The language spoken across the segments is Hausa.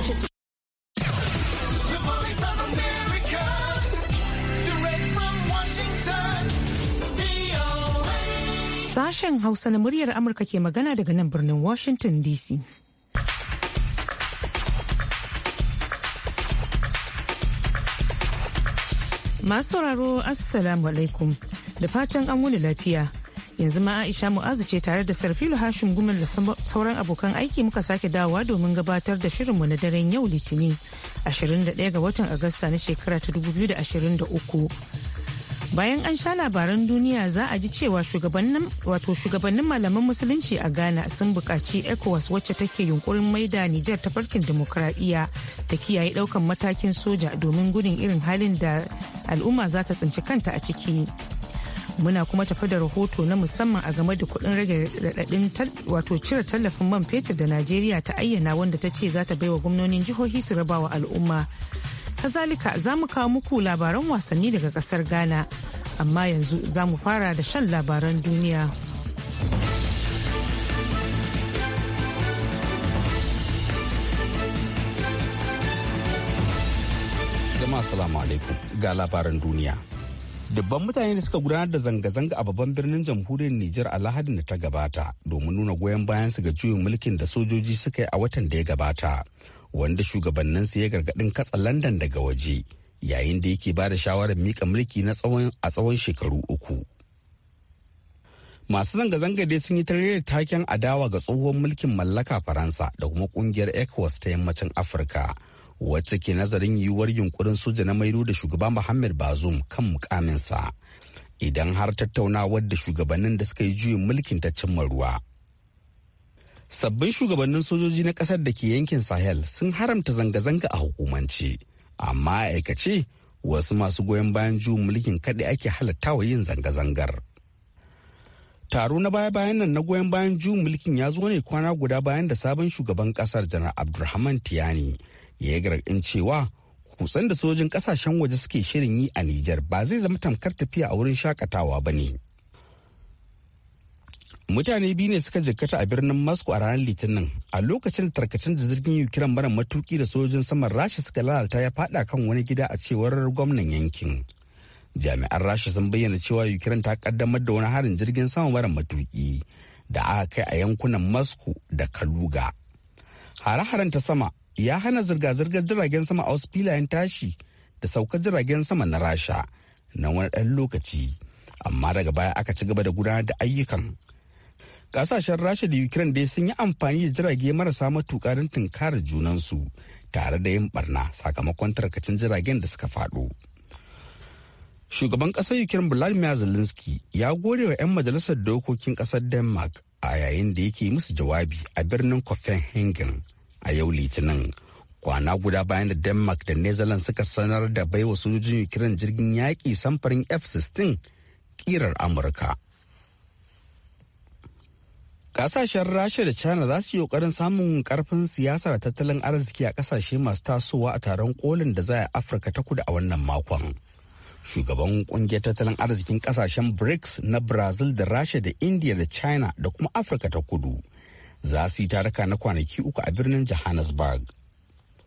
Sashen Hausa na muryar Amurka ke magana daga nan birnin Washington DC. Masu sauraro Assalamu alaikum da fatan an wuni lafiya. yanzu ma aisha mu'azu ce tare da sarfilu hashim gumin da sauran abokan aiki muka sake dawowa domin gabatar da shirinmu na daren yau litinin 21 ga watan agusta na shekara ta 2023 bayan an sha labaran duniya za a ji cewa shugabannin malaman musulunci a ghana sun buƙaci ecowas wacce take yunkurin maida nijar ta farkin demokuraɗiyya ta kiyaye ɗaukan matakin soja domin gudun irin halin da al'umma za ta tsinci kanta a ciki. muna kuma tafi da rahoto na musamman a game da kuɗin rage raɗaɗin wato cire tallafin man fetur da najeriya ta ayyana wanda ta ce za ta baiwa gwamnonin jihohi su raba wa al'umma kazalika za mu kawo muku labaran wasanni daga kasar ghana amma yanzu za mu fara da shan labaran duniya jama'a salamu alaikum ga labaran duniya dubban mutane da suka gudanar da zanga-zanga a babban birnin jamhuriyar Nijar a Lahadin da ta gabata domin nuna goyon bayan su ga juyin mulkin da sojoji suka yi a watan da ya gabata wanda shugabannin su ya gargadin katsa London daga waje yayin da yake ba da shawarar mika mulki na tsawon a tsawon shekaru uku. Masu zanga-zanga dai sun yi tarayyar taken adawa ga tsohon mulkin mallaka Faransa da kuma kungiyar ECOWAS ta yammacin Afirka wacce ke nazarin yiwuwar yunkurin soja na maido da shugaba Muhammad Bazoum kan mukaminsa idan har tattaunawar da shugabannin da suka yi juyin mulkin ta cimma ruwa. Sabbin shugabannin sojoji na kasar da ke yankin Sahel sun haramta zanga-zanga a hukumance, amma a aikace wasu masu goyon bayan juyin mulkin kaɗai ake halatta wa yin zanga-zangar. Taro na baya-bayan nan na goyon bayan juyin mulkin ya zo ne kwana guda bayan da sabon shugaban kasar janar Abdulrahman Tiyani ya yi gargaɗin cewa kutsan da sojin kasashen waje suke shirin yi a Nijar ba zai zama tamkar tafiya a wurin shakatawa ba ne. Mutane biyu ne suka jikkata a birnin Moscow a ranar Litinin a lokacin da tarkacin da zirgin Ukraine mara matuki da sojin saman Rasha suka lalata ya fada kan wani gida a cewar gwamnan yankin. Jami'an Rasha sun bayyana cewa Ukraine ta kaddamar da wani harin jirgin sama mara matuki da aka kai a yankunan Moscow da Kaluga. Hare-haren ta sama ya hana zirga-zirgar jiragen sama a wasu filayen tashi da saukar jiragen sama na rasha na wani ɗan lokaci amma daga baya aka ci gaba da gudanar da ayyukan kasashen rasha da ukraine dai sun yi amfani da jirage marasa matuƙa don tunkarar junansu tare da yin barna sakamakon tarkacin jiragen da suka faɗo shugaban ƙasar ukraine vladimir zelensky ya gode wa 'yan majalisar dokokin ƙasar denmark a yayin da yake musu jawabi a birnin copenhagen a yau litinin kwana guda bayan da denmark da netherlands suka sanar da baiwa sojojin ukraine jirgin yaƙi samfarin f-16 kirar amurka kasashen rasha da china za su yi kokarin samun karfin siyasar tattalin arziki a kasashe masu tasowa a taron kolin da za a afirka ta kudu a wannan makon shugaban kungiyar tattalin arzikin kasashen brics na brazil da rasha da india da china da kuma afirka ta kudu za su yi taruka na kwanaki uku a birnin johannesburg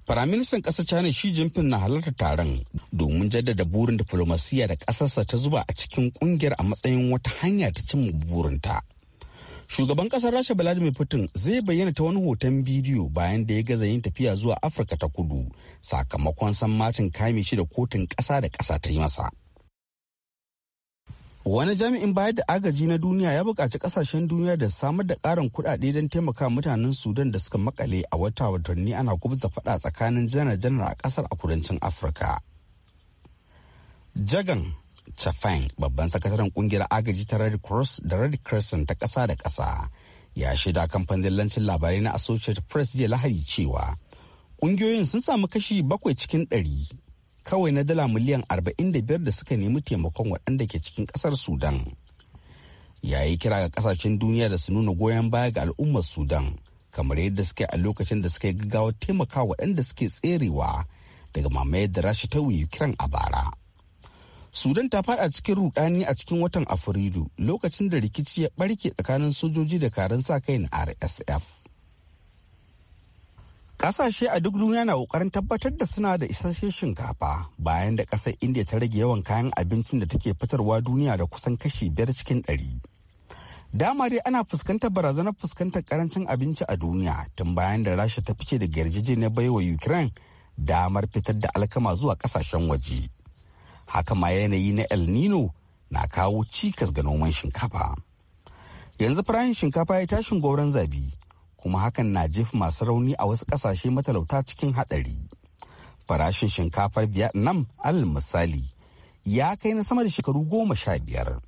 Firaministan ƙasar China Xi Jinping na halarta taron domin jaddada burin diflomasiyya da ƙasarsa ta zuba a cikin ƙungiyar a matsayin wata hanya ta cimma burinta. Shugaban ƙasar Rasha Vladimir Putin zai bayyana ta wani hoton bidiyo bayan da ya gaza yin tafiya zuwa Afirka ta kudu sakamakon san sammacin kame shi da kotun ƙasa da ƙasa ta yi masa. Wani jami'in bayar da agaji na duniya ya buƙaci ƙasashen duniya da samar da ƙarin kuɗaɗe don taimaka mutanen Sudan da suka makale a wata watanni ana kubza faɗa tsakanin janar-janar a ƙasar a kudancin Afirka. Jagan Chafang, babban sakataren ƙungiyar agaji ta Red Cross da Red Crescent ta ƙasa da ƙasa, ya shaida kamfanin lancin labarai na Associated Press jiya Lahadi cewa ƙungiyoyin sun samu kashi bakwai cikin ɗari kawai na dala miliyan 45 da suka nemi taimakon waɗanda ke cikin ƙasar sudan ya yi kira ga ƙasashen duniya da su nuna goyon baya ga al'ummar sudan kamar yadda suka yi a lokacin da suka yi gaggawa taimaka waɗanda suke tserewa daga mamayar da rashi ta wuyi kiran a bara sudan ta faɗa cikin rudani a cikin watan afrilu lokacin da rikici ya barke tsakanin sojoji da karin sa kai na rsf Kasashe a duk duniya na kokarin tabbatar da suna da isasshen shinkafa bayan da ƙasar India ta rage yawan kayan abincin da take fitarwa duniya da kusan kashi biyar cikin ɗari. Dama dai ana fuskantar barazanar fuskantar karancin abinci a duniya tun bayan da Rasha ta fice daga yarjejeniyar baiwa Ukraine damar fitar da alkama zuwa ƙasashen waje. Haka ma yanayi na El Nino na kawo cikas ga noman shinkafa. Yanzu firayin shinkafa ya tashin goron zabi. kuma hakan na jefa masu rauni a wasu kasashe matalauta cikin haɗari. Farashin shinkafar Vietnam alal misali ya kai na sama da shekaru goma sha biyar.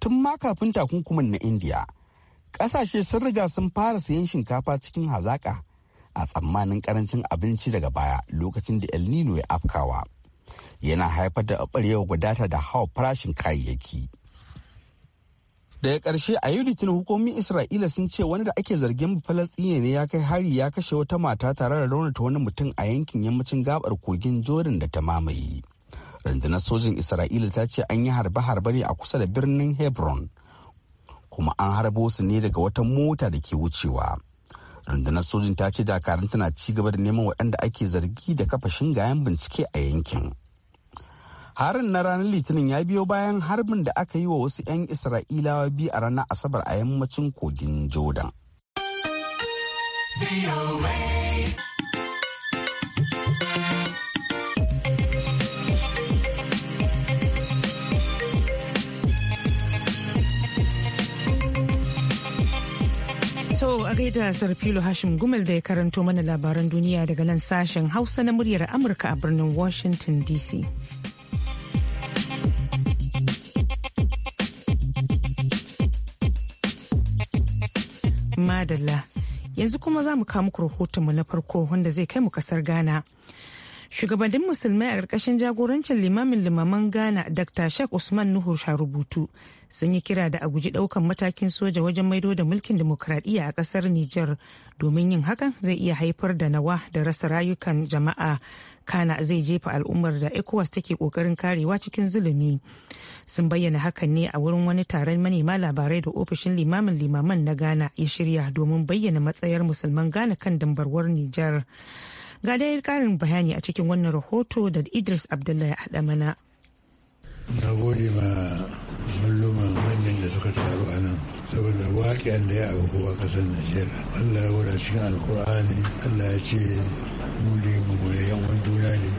Tun ma kafin takunkumin na India, ƙasashe sun riga sun fara sayan shinkafa cikin hazaƙa a tsammanin ƙarancin abinci daga baya lokacin da El Nino ya afkawa. Yana haifar da ɓarewa gudata da hawa farashin kayayyaki. daga ƙarshe a yi litinin hukumomin isra'ila sun ce wani da ake zargin falastine ne ya kai hari ya kashe wata mata tare da raunata wani mutum a yankin yammacin gabar kogin jordan da ta mamaye rundunar sojin isra'ila ta ce an yi harbe-harbe ne a kusa da birnin hebron kuma an harbo su ne daga wata mota da ke wucewa rundunar sojin ta ce dakarun tana ci gaba da neman waɗanda ake zargi da kafa shingayen bincike a yankin. harin na ranar litinin ya biyo bayan harbin da aka yi wa wasu 'yan isra'ilawa biyu a ranar asabar a yammacin kogin jordan To a gaida Sarfilo Hashim Gumel da ya karanto mana labaran duniya daga nan sashen Hausa na muryar Amurka a birnin Washington DC. madalla yanzu kuma za mu kawo muku rahotonmu na farko wanda zai kai mu kasar ghana shugabannin musulmai a ƙarƙashin jagorancin limamin limaman ghana dr sheikh usman nuhu sharubutu sun yi kira da a guji ɗaukan matakin soja wajen maido da mulkin dimokuraɗiyya a ƙasar niger domin yin hakan zai iya haifar da nawa da rasa rayukan jama'a kana zai jefa al'ummar da ecowas take kokarin karewa cikin zulumi sun bayyana hakan ne a wurin wani taron manema labarai da ofishin limamin limaman na ghana ya shirya domin bayyana matsayar musulman ghana kan dambarwar nijar ga dai karin bayani a cikin wannan rahoto da idris abdullahi adamana mana na gode ma malluman manyan da suka taru a nan saboda da ya abu ƙasar nijar allah ya wura cikin alkur'ani allah ya ce mu da mu da juna ne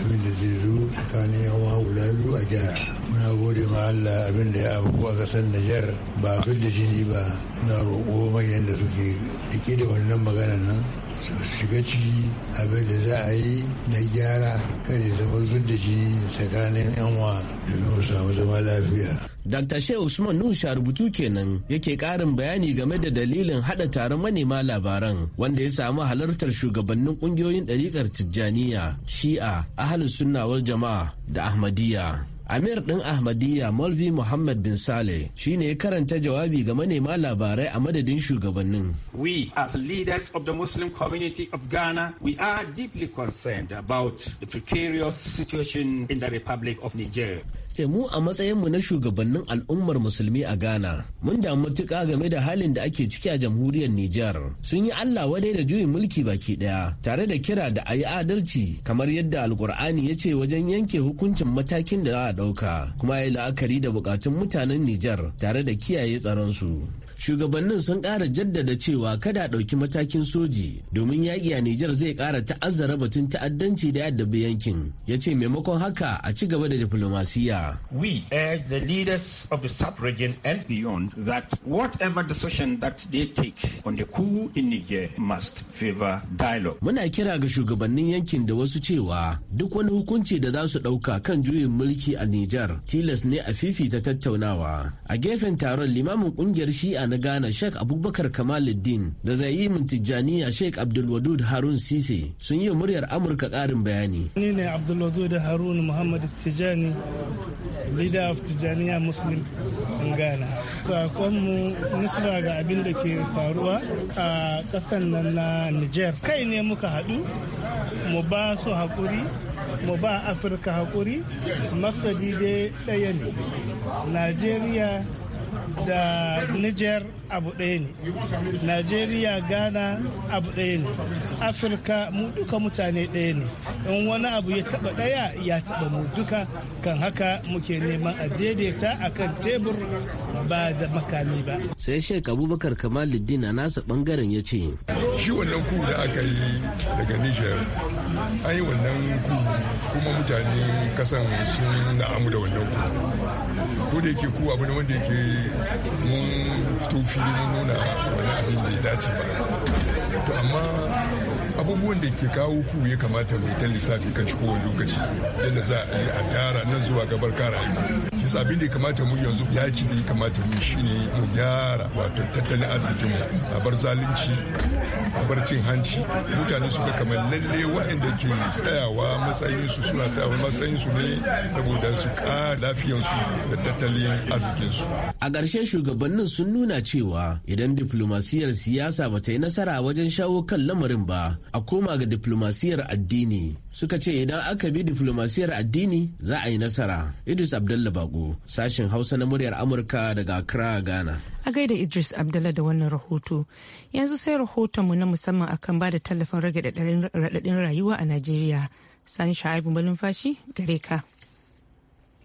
abin da zai zo tsakanin wa guda biyu a gyara muna gode ma Allah abin da ya abu a kasar Nijar ba fi da jini ba na roƙo manyan da suke rike da wannan maganar nan shiga ciki abin da za a yi na gyara kare zama da jini tsakanin yanwa domin mu samu zama lafiya. Dr. Shehu Usman nuhu rubutu kenan yake ƙarin bayani game da dalilin haɗa taron manema labaran wanda ya samu halartar shugabannin ƙungiyoyin ɗariƙar Tijjaniya, Shi'a, Ahalus Sunna Jama'a da Ahmadiyya. Amir ɗin Ahmadiyya Malvi Muhammad bin Saleh shi ne ya karanta jawabi ga manema labarai a madadin shugabannin. We as leaders of the Muslim community of Ghana, we are deeply concerned about the precarious situation in the Republic of Niger. ce mu a matsayinmu na shugabannin al'ummar musulmi a Ghana mun damu matuƙa game da halin da ake ciki a jamhuriyar Nijar. Sun yi Allah wadai da juyin mulki baki ɗaya tare da kira da a yi adalci kamar yadda alkur'ani ya ce wajen yanke hukuncin matakin da za a ɗauka kuma ya yi la'akari da bukatun mutanen Nijar tare da kiyaye tsaron su. shugabannin sun ƙara jaddada cewa kada a ɗauki matakin soji domin yaƙi a Nijar zai ƙara ta'azzara batun ta'addanci da bi yankin ya ce maimakon haka a ci gaba da diplomasiya. We urge the leaders of the sub-region and beyond that whatever decision that they take on the coup in Niger must favor dialogue. Muna kira ga shugabannin yankin da wasu cewa duk wani hukunci da za su ɗauka kan juyin mulki a Nijar tilas ne a fifita tattaunawa. A gefen taron limamin ƙungiyar shi'a na Ghana Sheikh Abubakar Kamaluddin da Zaimin Tijjaniya Sheikh Abdulwadud Harun Sise sun yi muryar Amurka ƙarin bayani. Ni ne Abdulwadud Harun Muhammad Tijjani, leader of Tijjaniya Muslim in Ghana. Sakonmu nisba ga abin da ke faruwa a ƙasan nan na Niger. Kai ne muka haɗu, mu ba su haƙuri mu ba afirka hakuri maksadi dai ɗaya ne najeriya da niger abu ɗaya ne najeriya ghana abu ɗaya ne afirka mu duka mutane ɗaya ne in wani abu ya taɓa ɗaya ya taɓa mu duka kan haka muke neman a daidaita a kan tebur ba da makami ba sai sheik abubakar kamaluddin a nasa ɓangaren ya ce shi wannan ku da aka yi daga niger an yi wannan ku kuma mutane kasan sun na'amu da wannan ku ko da yake ku abu ne wanda yake mun fito filin nuna wani abin da ya dace ba to amma abubuwan da ke kawo ku ya kamata mai ta lissafi kan shi kowane lokaci yadda za a yi a gyara nan zuwa gabar kara isa abin da ya kamata mu yanzu yaki da ya kamata mu ne mu gyara wato tattalin arzikin mu a bar zalunci a bar cin hanci mutane suka kamar lalle waɗanda ke tsayawa matsayin su suna tsayawa matsayin su ne saboda su ka lafiyar su da tattalin arzikin su a ƙarshen shugabannin sun nuna cewa idan diplomasiyar siyasa ba ta yi nasara wajen shawo kan lamarin ba a koma ga diplomasiyar addini suka ce idan aka bi diflomasiyar addini za a yi nasara idris abdullah bako sashen hausa na muryar amurka daga accra ghana a gaida idris abdullah da wannan rahoto yanzu sai rahotonmu na musamman akan ba da tallafin rage raɗaɗin rayuwa a najeriya sani sha'ibu malumfashi gare ka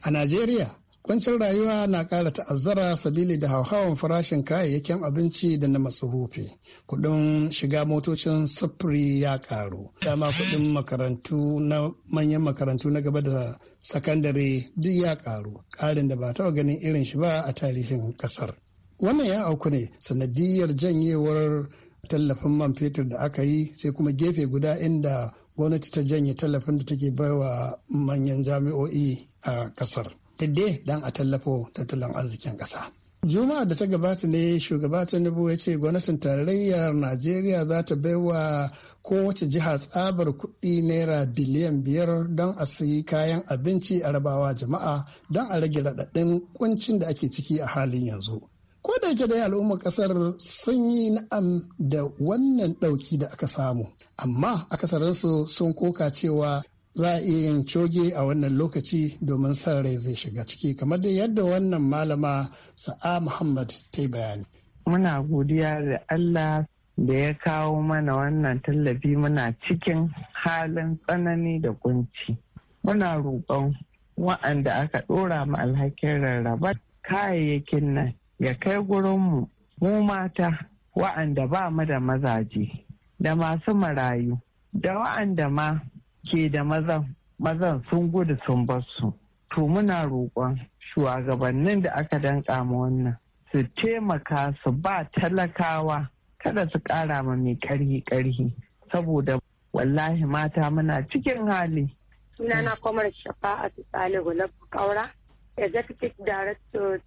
a najeriya Kwancin rayuwa na ƙara ta'azzara sabili da hauhawan farashin kayayyakin abinci da na masarufi. Kuɗin shiga motocin sufuri ya ƙaru. Dama kuɗin makarantu na manyan makarantu na gaba da sakandare duk ya ƙaru. Ƙarin da ba taɓa ganin irin shi ba a tarihin ƙasar. Wannan ya auku ne sanadiyar janyewar tallafin man fetur da aka yi sai kuma gefe guda inda gwamnati ta janye tallafin da take baiwa manyan jami'o'i a ƙasar. dai don a tallafo tattalin arzikin ƙasa. juma'a da ta gabata ne shugaba tinubu ya ce gwamnatin tarayyar najeriya za ta bai wa. kowace jiha tsabar kuɗi naira biliyan biyar don a sayi kayan abinci a rabawa jama'a don a rage raɗaɗin kuncin da ake ciki a halin yanzu ko da yake dai al'ummar kasar sun yi na'am da wannan ɗauki da aka samu amma akasarinsu sun koka cewa za a iya yin coge a wannan lokaci domin san rai zai shiga ciki kamar da yadda wannan malama sa'a muhammad ta bayani muna godiya da allah da ya kawo mana wannan tallafi muna cikin halin tsanani da kunci muna roƙon wa'anda aka ɗora ma alhakin rarraba kayayyakin nan ya kai gurinmu mu mata wa'anda ba mu da mazaje da masu marayu da wa'anda ma ke da mazan mazan sun gudu sun bar su to muna roƙon shugabannin da aka danƙa ma wannan su taimaka su ba talakawa kada su ƙara ma mai ƙarhi ƙarhi saboda wallahi mata muna cikin hali Suna sunana kwamar shafa'atu salihu na kaura executive director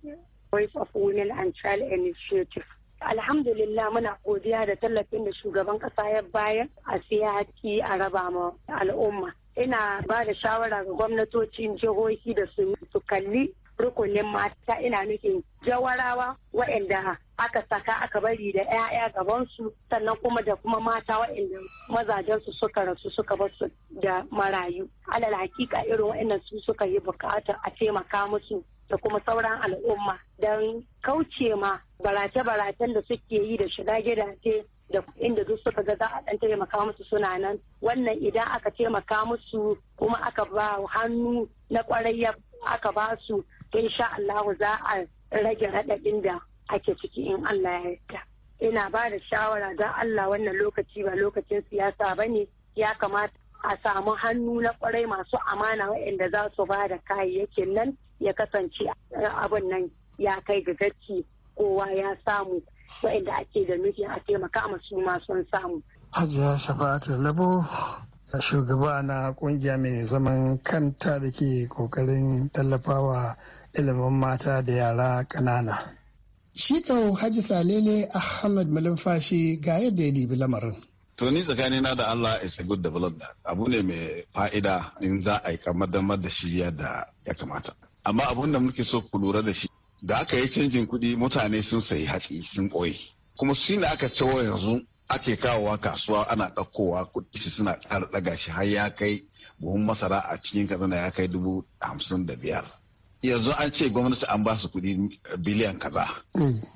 voice of women and child initiative alhamdulillah muna godiya da tallafin da shugaban kasa ya bayar a siyaki a raba ma al'umma ina ba da shawara ga gwamnatocin jihohi da su kalli rukunin mata ina nufin jawarawa waɗanda aka saka aka bari da 'ya'ya gabansu sannan kuma da kuma mata waɗanda mazajensu suka rasu suka basu da marayu alal hakika irin waɗannan su suka yi bukatar a taimaka musu da kuma sauran al'umma don kauce ma barace-baracen da suke yi da shiga gidaje da inda duk suka ga za a dan taimaka musu suna nan wannan idan aka taimaka musu kuma aka ba hannu na kwarai aka ba su to insha Allah za a rage raɗaɗin da ake ciki in Allah ya yarda ina ba da shawara don Allah wannan lokaci ba lokacin siyasa ba ne ya kamata a samu hannu na kwarai masu amana waɗanda za su ba da kayayyakin nan ya kasance eh, abin nan ya kai ga gaci kowa ya samu waɗanda ake da nufi a taimaka ma su ma sun samu. Hajiya Shafatu Labo shugaba na kungiya mai zaman kanta da ke kokarin tallafawa ilimin mata da yara ƙanana. Shi kan Haji Salele Ahmad Malumfashi ga yadda ya dibi lamarin. to ni tsakanina da Allah is a good development abu ne mai fa'ida in za a yi kamar da shi yadda ya kamata amma abun da muke so ku lura da shi da aka yi canjin kuɗi mutane sun sayi hatsi sun ɓoye kuma shi ne aka wa yanzu ake kawowa kasuwa ana ɗaukowa kuɗi suna ƙara ɗaga shi har ya kai buhun masara a cikin kaduna ya kai dubu hamsin da biyar yanzu an ce gwamnati an ba su kuɗi biliyan kaza.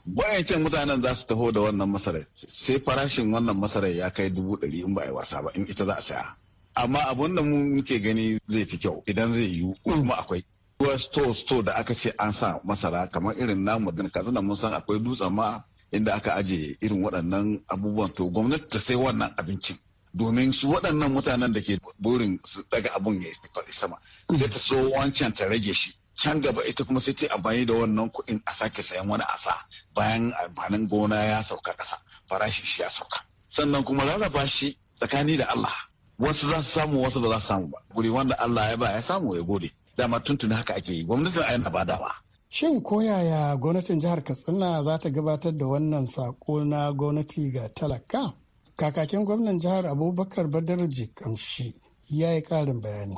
Bayancin mm. mutanen za su taho da wannan masarar sai farashin wannan masarar ya kai dubu ɗari in ba a yi wasa ba in ita za a saya. Amma abun da mu muke gani zai fi kyau idan zai yiwu mm. kuma akwai ruwa store store da aka ce an sa masara kamar irin namu da kaza mun san akwai dutsen ma inda aka aje irin waɗannan abubuwan to gwamnati ta sai wannan abincin domin su waɗannan mutanen da ke burin su daga abun ya sama sai ta so wancan ta rage shi can gaba ita kuma sai ta amfani da wannan kuɗin a sake sayan wani asa bayan amfanin gona ya sauka ƙasa farashin shi ya sauka sannan kuma rarraba shi tsakani da Allah wasu za su samu wasu ba za su samu ba guri wanda Allah ya ba ya samu ya gode dama tuntuni haka ake yi gwamnatin a yana badawa. Shin ko yaya gwamnatin jihar Katsina za ta gabatar da wannan sako na gwamnati ga talaka? Kakakin gwamnan jihar Abubakar Badar Jikamshi ya yi ƙarin bayani.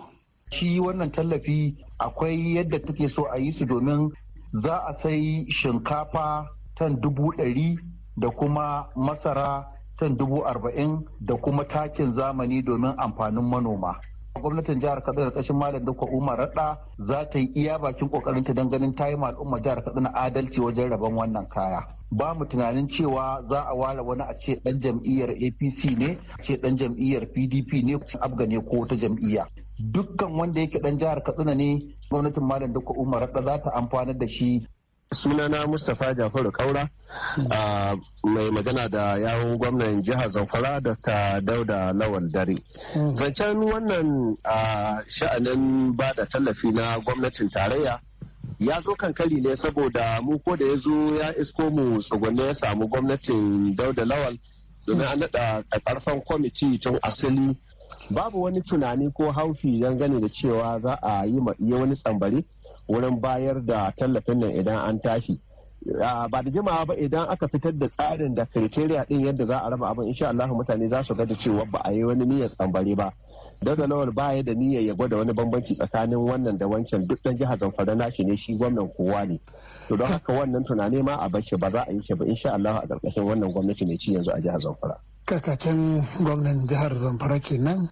Shi wannan tallafi akwai yadda take so a yi su domin za a sai shinkafa tan dubu ɗari da kuma masara tan dubu arba'in da kuma takin zamani domin amfanin manoma. gwamnatin jihar kaduna kashin malam Dukwa umar raɗa za ta yi iya bakin kokarin ta ganin ta yi al'ummar jihar kaduna adalci wajen rabon wannan kaya ba mu tunanin cewa za a ware wani a ce dan jam'iyyar apc ne a ce dan jam'iyyar pdp ne abga ne ko wata jam'iyya dukkan wanda yake dan jihar katsina ne gwamnatin malam Dukwa umar raɗa za ta amfanar da shi sunana mustapha jafaru kaura hmm. uh, mai magana da yawun gwamnan jihar zamfara dr dauda lawal dare hmm. zancen wannan uh, sha'anin ba da tallafi na gwamnatin tarayya ya zo kankari ne saboda mu ko da ya zo ya isko mu tsogonne ya samu gwamnatin dauda lawal domin an naɗa karfan kwamiti tun asali babu wani tunani ko haufi don gani da cewa za a yi wani tsambari wurin bayar da tallafin nan idan an tashi ba da jimawa ba idan aka fitar da tsarin da kriteriya din yadda za a raba abin insha Allah mutane za su ga da cewa ba a yi wani niyyar tsambare ba daga lawal baya da niyyar ya gwada wani bambanci tsakanin wannan da wancan duk dan jihar Zamfara nashi ne shi gwamnan kowa ne to don haka wannan tunani ma a bace ba za a yi shi ba insha Allah a ƙarƙashin wannan gwamnati ne ci yanzu a jihar Zamfara kakakin gwamnan jihar Zamfara kenan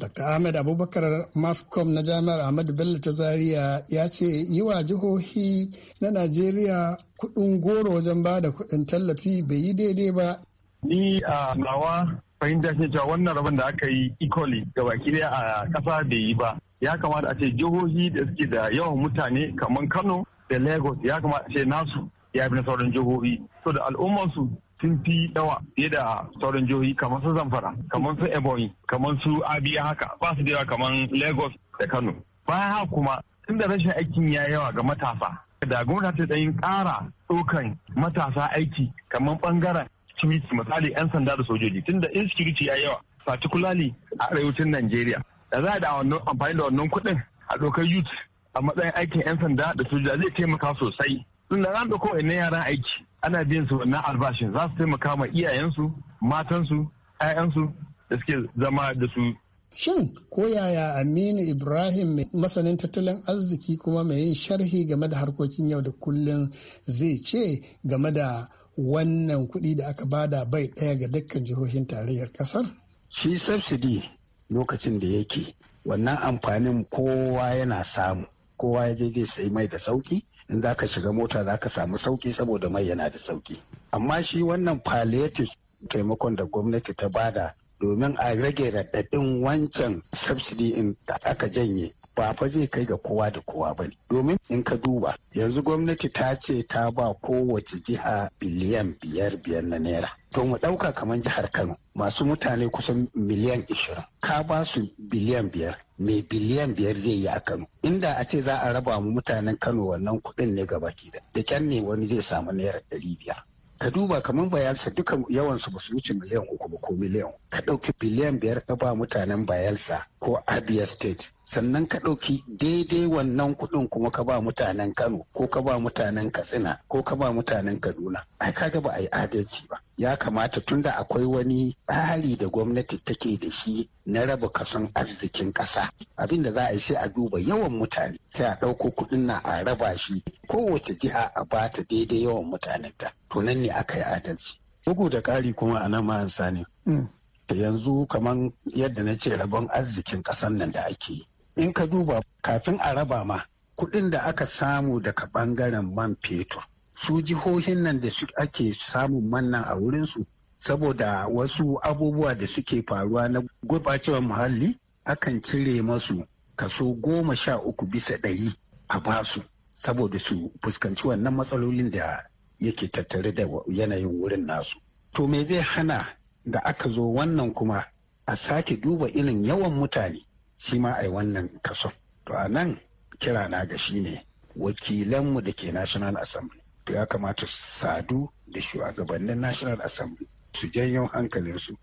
Dr. Ahmed Abubakar Mascom na Jami'ar Ahmadu Bello ta Zaria ya ce yi wa jihohi na Najeriya kuɗin goro wajen ba da kuɗin tallafi bai yi daidai ba. Ni a nawa fahimta ce cewa wannan rabin da aka yi equally ga baki a ƙasa bai yi ba. Ya kamata a ce jihohi da suke da yawan mutane kamar Kano da Lagos ya kamata a ce nasu ya fi na sauran jihohi. So da al'ummarsu sun fi yawa fiye da sauran jihohi kamar su zamfara kamar su ebonyi kamar su abia haka ba su da yawa kamar lagos da kano bayan haka kuma tun da rashin aikin ya yawa ga matasa da gwamnati ta yin kara ɗaukan matasa aiki kamar bangaren security misali 'yan sanda da sojoji tunda insecurity ya yawa particularly a arewacin Najeriya da za a amfani da wannan kuɗin a ɗaukar youth a matsayin aikin 'yan sanda da sojoji zai taimaka sosai da ran da kowai ne yaran aiki ana biyan su wannan albashin za su taimaka ma iyayensu matansu 'ya'yansu da suke zama da su Shin ko yaya Aminu Ibrahim masanin tattalin arziki kuma mai yin sharhi game da harkokin yau da kullum zai ce game da wannan kuɗi da aka bada bai ɗaya ga dukkan jihohin tarayyar ƙasar? Shi subsidy lokacin da yake wannan amfanin kowa yana samu kowa ya je zai sai mai da sauki in za ka shiga mota za ka samu sauki saboda mai yana da sauki amma shi wannan palliative taimakon da gwamnati ta bada domin a rage raɗaɗin wancan subsidy in da aka janye ba fa zai kai ga kowa da kowa ba domin in ka duba yanzu gwamnati ta ce ta ba kowace jiha biliyan biyar biyar na naira to mu ɗauka kamar jihar kano masu mutane kusan miliyan ishirin ka ba su biliyan biyar mai biliyan biyar zai yi a Kano. Inda a ce za a raba mu mutanen Kano wannan kuɗin ne gaba da. Da kyan ne wani zai samu naira ɗari biyar. Ka duba kamar bayelsa duka yawansu ba su wuce miliyan uku ba ko miliyan. Ka ɗauki biliyan biyar ka ba mutanen bayelsa ko Abia State sannan ka ɗauki daidai wannan kuɗin kuma ka ba mutanen kano ko ka ba mutanen katsina ko ka ba mutanen kaduna ai kaga ba a yi adalci ba ya kamata tunda akwai wani tsari da gwamnati take da shi na raba kason arzikin ƙasa abin da za a yi sai a duba yawan mutane sai a ɗauko kuɗin na a raba shi kowace jiha a bata daidai yawan mutanen ta to nan ne aka yi adalci bugu da ƙari kuma a nan ma'ansa ne mm. yanzu kamar yadda na ce rabon arzikin ƙasan nan da ake yi in ka duba kafin a raba ma kuɗin da aka samu daga ɓangaren man fetur su jihohin nan da su ake samun mannan a wurinsu saboda wasu abubuwa da suke faruwa na gurɓacewar muhalli akan cire masu kaso goma sha uku bisa ɗari a basu saboda su fuskanci wannan matsalolin da yake tattare da yanayin wurin nasu. To me zai hana da aka zo wannan kuma a sake duba irin yawan mutane shi ma a yi wannan kaso to a nan kira na ga shi ne wakilanmu da ke national assembly to ya kamata sadu da shugabannin national assembly su janyo hankalinsu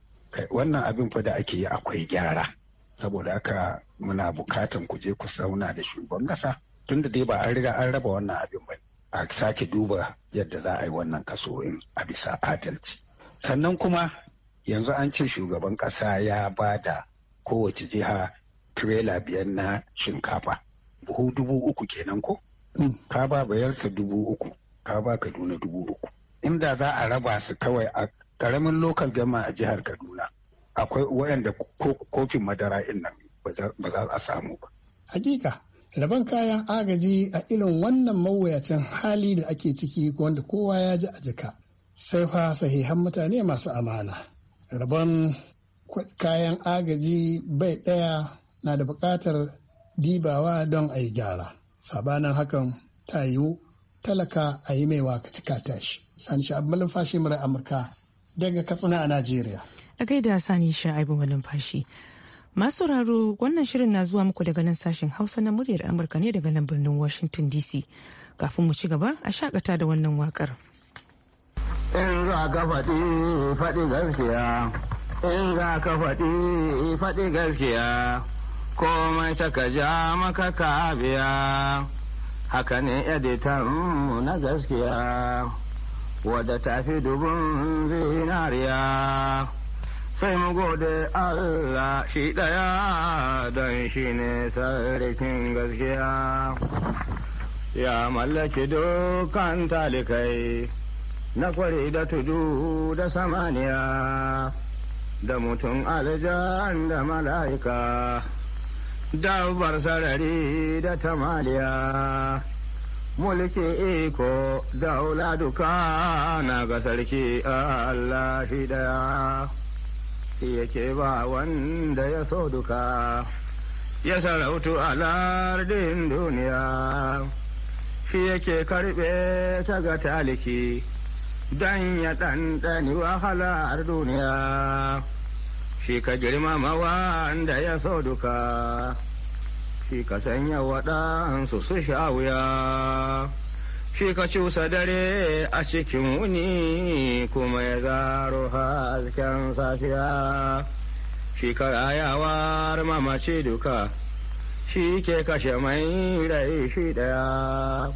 wannan abin fa da ake yi akwai gyara saboda haka muna bukatan ku je ku sauna da shugaban kasa tunda dai ba an riga an raba wannan abin ba a sake duba yadda za a yi wannan kaso in a bisa adalci sannan kuma yanzu an ce shugaban kasa ya ba da kowace jiha tirela biyar na shinkafa buhu dubu uku kenan ko mm. ka ba bayarsa dubu uku ka ba kaduna dubu uku inda za a raba su kawai a karamin lokal gama a jihar kaduna akwai waɗanda kofin madara in nan ba za a samu ba hakika rabon kayan agaji a irin wannan mawuyacin hali da ake ciki wanda kowa ya ji a jika sai fa sahihan mutane masu amana rabon kayan agaji bai ɗaya na da buƙatar dibawa don a yi gyara sabanin hakan ta yiwu talaka a yi mai cika tashi sani sha'abu malumfashi murai amurka daga katsina a najeriya a gaida sani sha'abu malumfashi masu raro wannan shirin na zuwa muku daga nan sashen hausa na muryar amurka ne daga nan birnin washington dc kafin mu ci gaba a shakata da wannan wakar in za ka faɗi faɗi gaskiya in za ka faɗi faɗi gaskiya komai ta ka ja maka ka biya haka ne editanmu na gaskiya wadda ta fi dubun zinariya sai mu gode Allah shi ɗaya don shi ne sarkin gaskiya ya mallaki dukkan talikai na kware da tudu da samaniya da mutum aljan da mala'ika dabbar sarari da tamaliya mulki iko daula duka na ga sarki Allah shi daya yake ba wanda ya so duka ya sarautu a lardin duniya shi yake karɓe ta ga taliki don ya ɗanɗani wahalar duniya shi ka girmama wanda ya so duka shi ka sanya waɗansu su sha wuya shi ka cusa dare a cikin wuni kuma ya zaro hasken safiya shi ka rayawar mamaci duka shi ke kashe mai rai shi ɗaya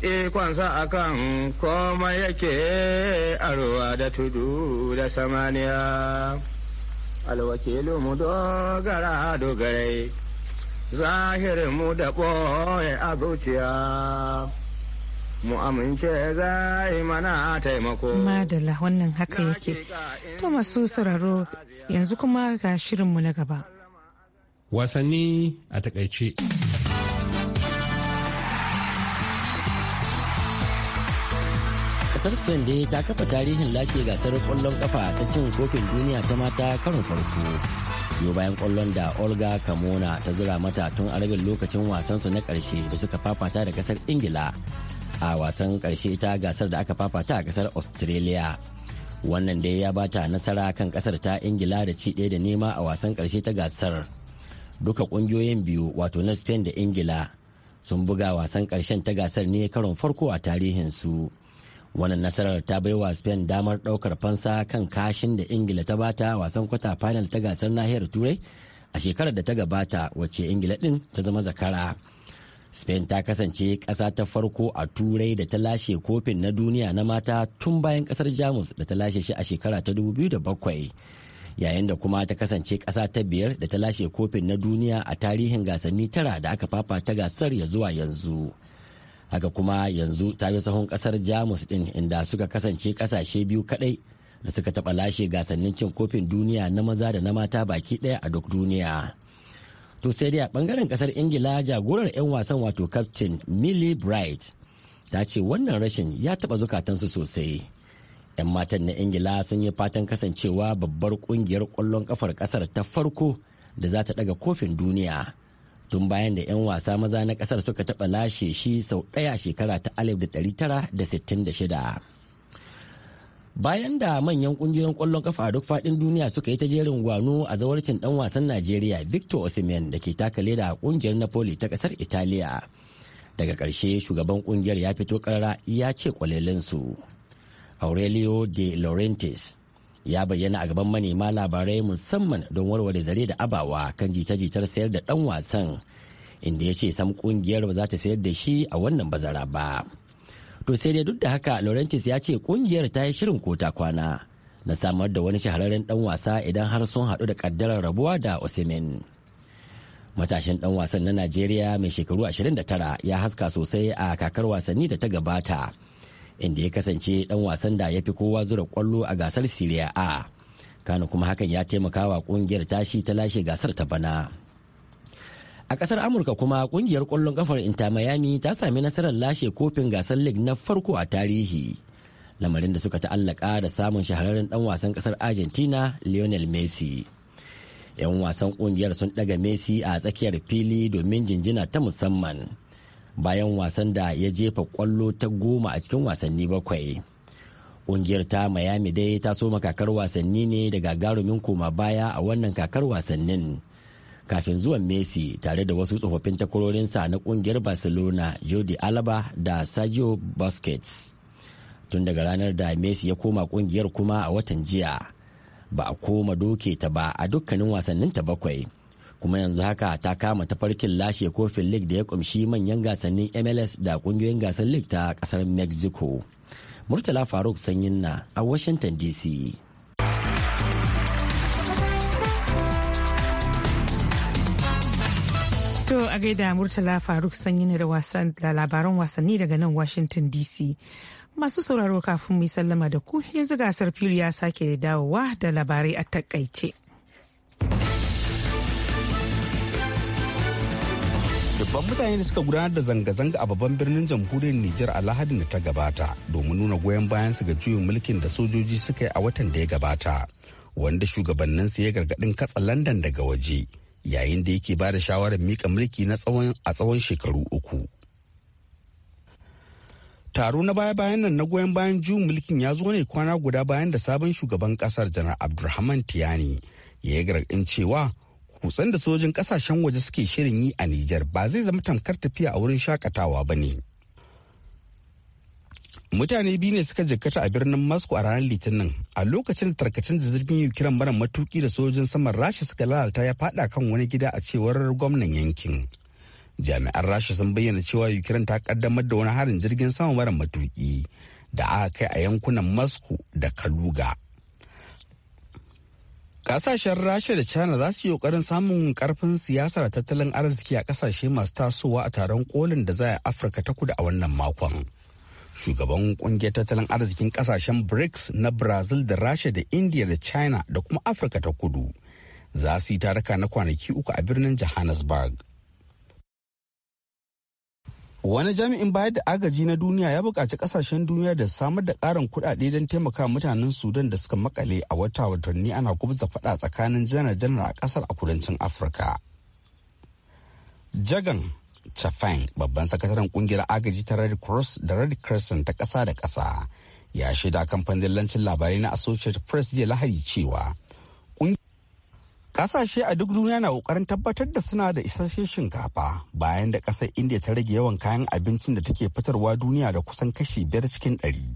ikonsa a kan koma yake a ruwa da tudu da samaniya alwakilu mu dogara dogarai zahirin mu da ɓoye a zuciya mu amince zai mana taimako. Madalla wannan haka yake. To masu sauraro yanzu kuma ga shirinmu na gaba. Wasanni a takaice. Kasar Spain dai ta kafa tarihin lashe gasar kwallon kafa ta cin kofin duniya ta mata karon farko. Yau bayan kwallon da Olga Kamona ta zura mata tun a rabin lokacin wasansu na karshe da suka fafata da kasar Ingila a wasan karshe ta gasar da aka fafata a kasar Australia. Wannan dai ya bata nasara kan kasar ta Ingila da ci ɗaya da nema a wasan karshe ta gasar. Duka kungiyoyin biyu wato na Spain da Ingila sun buga wasan karshen ta gasar ne karon farko a tarihinsu. su. wannan nasarar ta bai wa spain damar daukar fansa kan kashin da ingila ta bata wasan kwata final ta gasar nahiyar turai a shekarar da ta gabata wacce ingila din ta zama zakara spain ta kasance ƙasa ta farko a turai da ta lashe kofin na duniya na mata tun bayan ƙasar jamus da ta lashe shi a shekara ta 2007 yayin da kuma ta kasance kasa ta biyar da ta lashe kofin na duniya a tarihin gasanni tara da aka fafata gasar ya zuwa yanzu. haka kuma yanzu ta bi sahun kasar jamus din inda suka kasance kasashe biyu kadai da suka taɓa lashe gasannin cin kofin duniya na maza da na mata baki ɗaya a duk duniya to sai dai a bangaren kasar ingila jagorar 'yan wasan wato captain millie bright ta ce wannan rashin ya taɓa zukatansu sosai 'yan matan na ingila sun yi fatan kasancewa babbar kungiyar kwallon kafar ƙasar ta farko da za ta daga kofin duniya tun bayan da 'yan wasa maza na kasar suka taɓa lashe shi sau ɗaya shekara ta 1966 bayan da manyan kungiyoyin ƙwallon kafa a duk faɗin duniya suka yi ta jerin gwano a zawarcin ɗan wasan najeriya victor osimhen da ke taka leda a kungiyar napoli ta ƙasar italiya daga ƙarshe shugaban ƙungiyar ya fito ƙarara ya ce kwalelinsu aurelio de laurentis ya bayyana a gaban manema labarai musamman don warware zare da abawa kan jita-jitar sayar da dan wasan inda ya ce sam kungiyar ba za ta sayar da shi a wannan bazara ba to sai dai duk da haka laurentis ya ce kungiyar ta yi shirin kota kwana na samar da wani shahararren dan wasa idan har sun haɗu da kaddarar rabuwa da osimhen matashin dan wasan na najeriya mai shekaru 29 ya haska sosai a kakar wasanni da ta gabata inda ya kasance dan wasan da ya fi kowa zura kwallo a gasar Serie A. Kano kuma hakan ya taimaka wa kungiyar tashi ta lashe gasar ta bana. A kasar Amurka kuma kungiyar kwallon kafar Inter Miami ta sami nasarar lashe kofin gasar League na farko a tarihi. Lamarin da suka ta'allaka da samun shahararren dan wasan kasar Argentina Lionel Messi. 'Yan wasan kungiyar sun daga Messi a tsakiyar fili domin jinjina ta musamman. bayan wasan da ya jefa kwallo ta goma a cikin wasanni bakwai ƙungiyar ta miami dai ta soma kakar wasanni ne da gagarumin koma baya a wannan kakar wasannin kafin zuwan messi tare da wasu tsofaffin takwarorinsa na ƙungiyar barcelona jordi alaba da sergio busquets tun daga ranar da messi ya koma ƙungiyar kuma a watan jiya ba a koma doke ta ba a dukkanin wasannin ta bakwai kuma yanzu haka ta kama tafarkin lashe kofin league da ya kumshi manyan gasannin mls da kungiyoyin gasar league ta kasar mexico murtala faruk sanyin na a washington dc To a gaida Murtala Faruk sanyi ne da labaran wasanni daga nan Washington DC. Masu sauraro kafin mu sallama da ku yanzu gasar fili ya sake dawowa da labarai a takaice. dubban mutane da suka gudanar da zanga-zanga a babban birnin jamhuriyar Nijar a Lahadin da ta gabata domin nuna goyon bayan su ga juyin mulkin da sojoji suka yi a watan da ya gabata wanda shugabanninsu ya gargadin katsa London daga waje yayin da yake ba da shawarar mika mulki na tsawon a tsawon shekaru uku. Taro na baya-bayan nan na goyon bayan juyin mulkin ya zo ne kwana guda bayan da sabon shugaban kasar janar Abdulrahman Tiyani ya yi gargadin cewa kutsan da sojin kasashen waje suke shirin yi a Nijar ba zai zama tamkar tafiya a wurin shakatawa ba ne. Mutane biyu ne suka jikkata a birnin Moscow a ranar Litinin a lokacin da tarkacin da jirgin Ukraine mara matuki da sojin saman Rasha suka lalata ya fada kan wani gida a cewar gwamnan yankin. Jami'an Rasha sun bayyana cewa Ukraine ta kaddamar da wani harin jirgin sama mara matuki da aka kai a yankunan Moscow da Kaluga. Kasashen Rasha da China za su yi ƙoƙarin samun ƙarfin siyasar tattalin arziki a ƙasashe masu tasowa a taron kolin da za a Afirka ta kudu a wannan makon. Shugaban ƙungiyar tattalin arzikin ƙasashen BRICS na Brazil da Rasha da India da China da kuma Afirka ta kudu za su yi taruka na kwanaki uku a birnin Johannesburg. Wani jami'in bayar da agaji na duniya ya buƙaci ƙasashen duniya da samar da ƙarin kuɗaɗe don taimaka mutanen Sudan da suka makale a wata watanni ana kubza faɗa tsakanin janar-janar a ƙasar a kudancin Afirka. Jagan Chafang, babban sakataren ƙungiyar agaji ta Red Cross da Red Crescent ta ƙasa da ƙasa, ya shaida kamfanin lancin labarai na Associated Press jiya Lahadi cewa Kasashe a duk duniya na kokarin tabbatar da suna da isasshen shinkafa bayan da kasar India ta rage yawan kayan abincin da take fitarwa duniya da kusan kashi biyar cikin ɗari.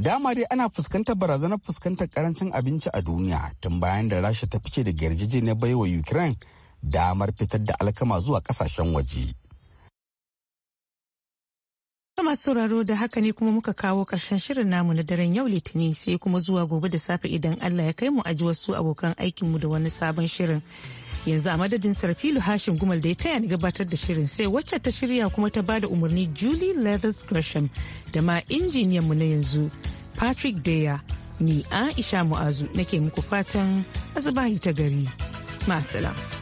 Dama dai ana fuskantar barazanar fuskantar karancin abinci a duniya tun bayan da Rasha ta fice da yarjejeniyar baiwa Ukraine damar fitar da alkama zuwa kasashen waje. masu sauraro da haka ne kuma muka kawo karshen shirin namu na daren yau litinin sai kuma zuwa gobe da safe idan Allah ya kai mu aji wasu abokan aikinmu da wani sabon shirin. Yanzu a madadin Sarfilu Hashim Gumal da ya taya ni gabatar da shirin sai wacce ta shirya kuma ta bada umarni Julie Leathers Gresham da ma injiniyan mu na yanzu Patrick daya ni Aisha Mu'azu nake muku fatan azubahi ta gari. Ma'asala.